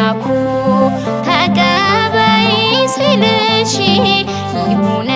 አምላኩ ተቀበይ ሲልሽ ይሁነ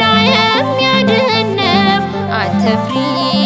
የሚረዳ የሚያድን ነው። አትፍሪ